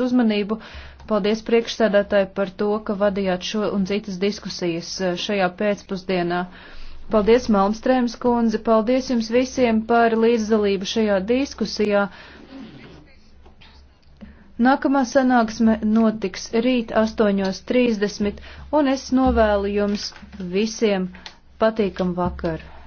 vērsts uzmanību. Paldies priekšsēdētāji par to, ka vadījāt šo un citas diskusijas eh, šajā pēcpusdienā. Paldies Malmstrēms kundze, paldies jums visiem par līdzdalību šajā diskusijā. Nākamā sanāksme notiks rīt 8.30 un es novēlu jums visiem patīkamu vakaru.